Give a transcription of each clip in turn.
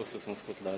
o să sunt scot la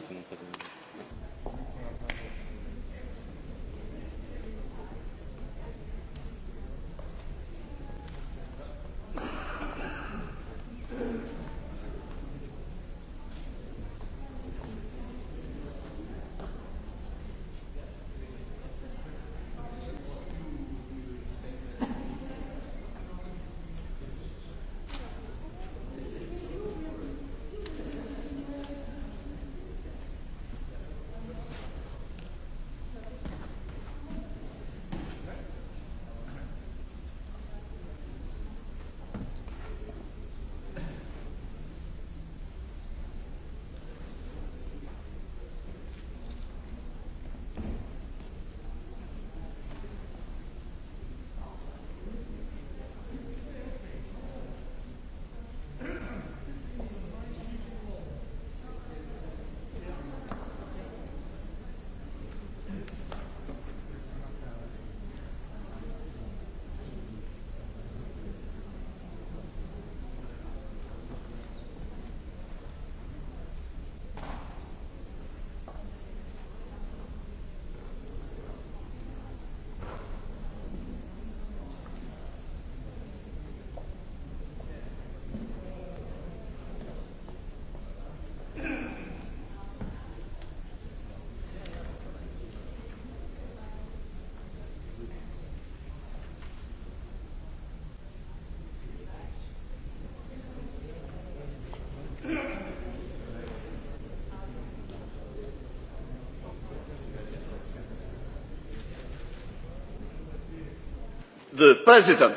the president.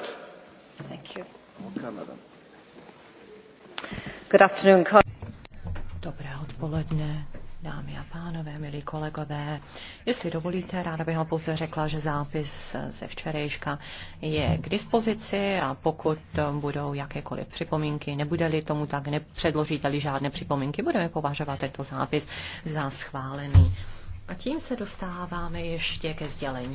Thank you. Good afternoon. Dobré odpoledne, dámy a pánové, milí kolegové. Jestli dovolíte, ráda bych vám pouze řekla, že zápis ze včerejška je k dispozici a pokud budou jakékoliv připomínky, nebude-li tomu tak, nepředložíte-li žádné připomínky, budeme považovat tento zápis za schválený. A tím se dostáváme ještě ke sdělení.